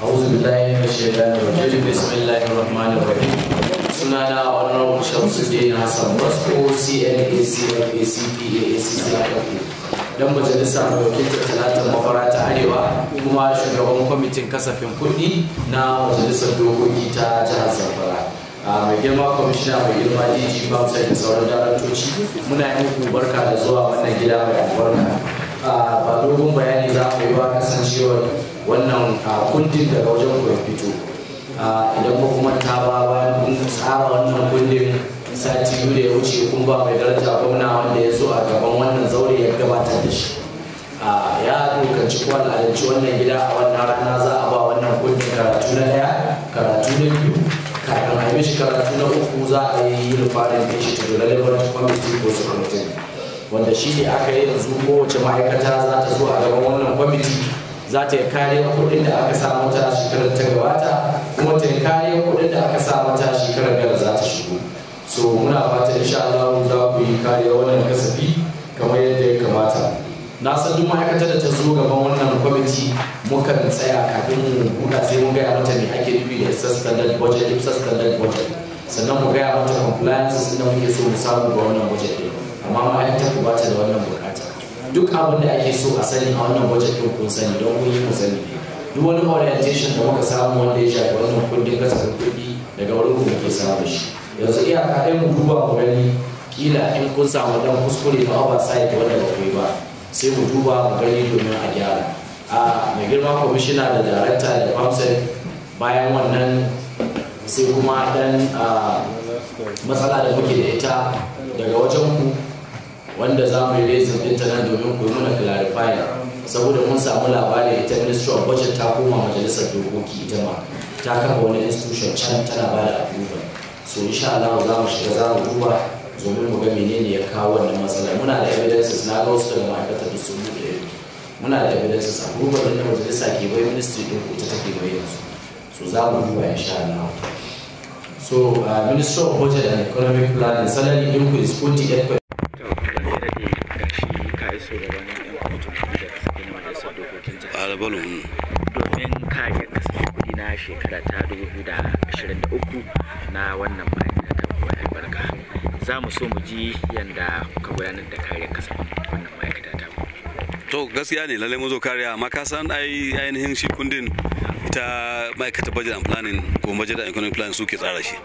أعوذ بالله من الشيطان الرجيم بسم الله الرحمن الرحيم sunana honorable shamsuddin hassan wasu ocnacfacpacca dan majalisa a wakiltar talatin mafara ta arewa kuma shugaban kwamitin kasafin kudi na majalisar dokoki ta jihar zamfara mai girma kwamishina mai girma dg bamsa da sauran daraktoci muna yin barka da zuwa wannan gida mai albarka ba dogon bayani za mu yi ba kasancewar wannan kundin daga wajen ku fito idan ko kuma ta ba bayan kun tsara wannan kundin sati biyu da ya wuce kun ba mai daraja gwamna wanda ya zo a gaban wannan zaure ya gabatar da shi ya dokanci ko al'adanci wannan gida a wannan rana za a ba wannan kundin karatu na daya karatu na biyu kafin a yi mishi karatu na uku za a yi yin farin da ta dole da kwamitin ko su kwamitin wanda shi ne aka yi yanzu kowace ma'aikata za ta zo a gaban wannan kwamiti za ta yi kariyar kuɗin da aka sa mata shekarar ta gabata kuma ta yi kariyar kuɗin da aka sa mata shekarar gara za ta shigo so muna fata insha Allah za ku yi kariyar wannan kasafi kamar yadda ya kamata na san duk ma'aikatar da ta zo gaban wannan kwamiti mukan tsaya kafin mu buɗa sai mun gaya mata me ake nufi da excess standard budget budget sannan mu gaya mata compliance sannan da muke so mu samu ga wannan budget din amma ma'aikatar ku ba ta da wannan bukata duk abin da ake so a sani a wannan wajen ɗin kun sani don kun yi mu sani duk wani orientation da muka samu wanda ya shafi wannan kundin kasafin kuɗi daga wurin ku muke samun shi yanzu iyaka ɗaya mu duba mu gani kila in kun samu dan kuskure na oversight wanda ba ku yi ba sai mu duba mu gani domin a gyara a mai girma kwamishina da darakta da council bayan wannan sai kuma dan matsala da muke da ita daga wajen ku wanda za mu yi resin intanet nan domin ku nuna mana saboda mun samu labarin ita ministry of budget ta koma majalisar dokoki ita ma ta kafa wani institution can tana ba da abubuwa so insha Allah za mu shiga za mu duba domin mu ga menene ya kawo wannan matsalar muna da evidences na ga wasu daga ma'aikatar da sun buɗe muna da evidences a ɗin da majalisa ke bai ministry ɗin ko ta take bai yanzu so za mu duba insha Allah so uh, minister of budget and economic planning salary increase 48 shugabanin yan kwamitin kuɗi da da majalisar dokokin jihar domin kayan kasafin kudi na shekara ta 2023 na wannan bayan da ta kuma albarka za mu so mu ji yadda kuka gudanar da kare kasafin wannan ma'aikata ta to gaskiya ne lallai mun kariya amma ka san ainihin shi kundin ita ma'aikatar budget and planning ko budget and economic planning suke tsara shi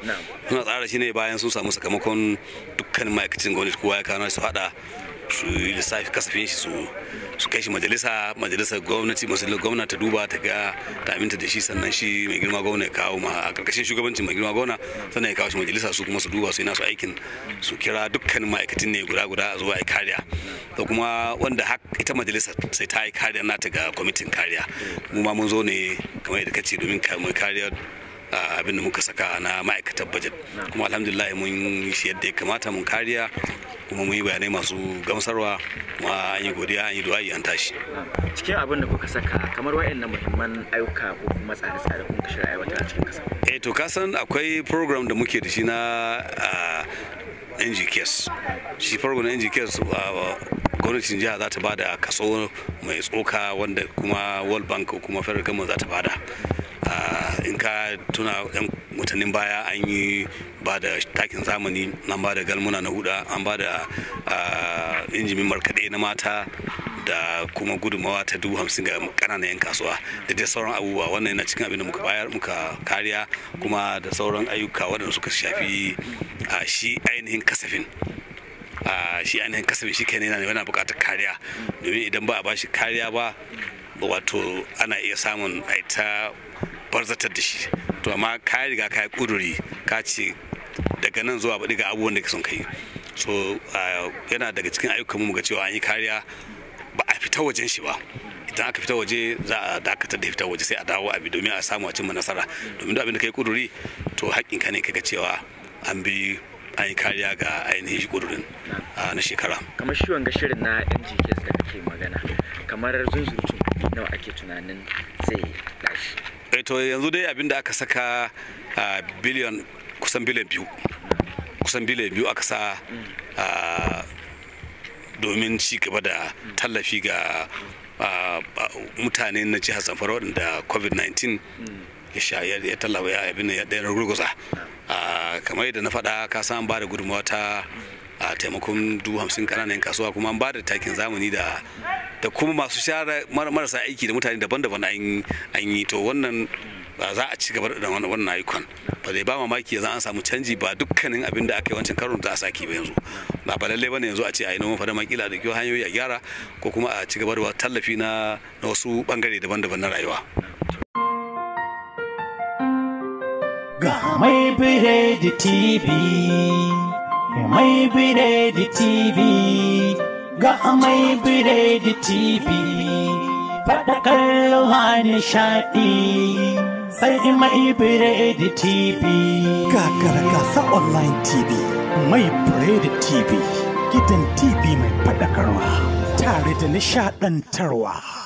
suna tsara shi ne bayan sun samu sakamakon dukkan ma'aikacin gwamnati kowa ya kawo su hada su yi lissafi kasafin shi su kai shi majalisa majalisar gwamnati masallar gwamna ta duba ta ga ta aminta da shi sannan shi mai girma gwamna ya kawo ma a karkashin shugabancin mai girma gwamna sannan ya kawo shi majalisa su kuma su duba su yi nasu aikin su kira dukkanin ma'aikatan ne guda guda a zuwa a kariya da kuma wanda har ita majalisa sai ta yi kariya nata ga kwamitin kariya mu ma mun zo ne kamar yadda kace domin kariya abin da muka saka na ma'aikatar bajet kuma alhamdulillah mun shi yadda ya kamata mun kariya kuma mun yi bayanai masu gamsarwa kuma an yi godiya an yi du'a'i an tashi cikin abin da kuka saka kamar waɗannan muhimman ayyuka ko kuma tsare-tsare kun kashe aiwatar a cikin kasa eh to kasan akwai program da muke da shi na ah, NGKS shi program na NGKS ah, gwamnatin jiha za ta bada kaso mai tsoka wanda kuma world bank ko kuma federal government za ta bada ah, in ka tuna yan watannin baya an yi ba da takin zamani an ba da galmuna na huda an ba da injimin markaɗe na mata da kuma gudunmawa ta dubu hamsin ga ƙananan 'yan kasuwa da dai sauran abubuwa wannan yana cikin abin da muka bayar muka kariya kuma da sauran ayyuka waɗanda suka shafi shi ainihin kasafin shi ainihin kasafin shi kenan yana buƙatar kariya domin idan ba a shi kariya ba wato ana iya samun aita barzatar da shi to amma ka riga ka yi kuduri ka ce daga nan zuwa baɗi ga abubuwan da ke son kai so yana daga cikin ayyukan mu ga cewa an yi kariya ba a fita wajen shi ba idan aka fita waje za a dakatar da fita waje sai a dawo abi domin a samu a cimma nasara domin abin da kai kuduri to haƙƙin ka ne kaga cewa an bi an yi kariya ga ainihin shi kudurin na shekara kamar shi wanga shirin na ngks da kake magana kamar zunzurutun nawa ake tunanin zai lashe eh, to yanzu dai abin da aka saka biliyan kusan biliyan biyu kusan biliyan biyu aka sa domin ci gaba da tallafi ga mutane na jihar zamfara da covid-19 ya shayar ya tallafa ya abin ya ɗaya rugurguza kamar yadda na faɗa ka san ba da gudunmawa ta a taimakon dubu hamsin ƙananan kasuwa kuma an ba da takin zamani da da kuma masu share marasa aiki da mutane daban-daban an yi to wannan ba za a ci gaba da wannan ayyukan ba zai ba mamaki yanzu an samu canji ba dukkanin abin da aka yi wancan karon za a saki ba yanzu ba ba lallai ne yanzu a ce a yi noman fadama kila da kyau hanyoyi a gyara ko kuma a ci gaba da tallafi na wasu bangare daban-daban na rayuwa ga mai biredi tv mai biredi tv ga mai biredi tv faɗa kallo nishaɗi sai in mai da TV. Gagara gasa online TV, mai biredi TV, gidan TV mai faɗakarwa, tare da nishaɗantarwa.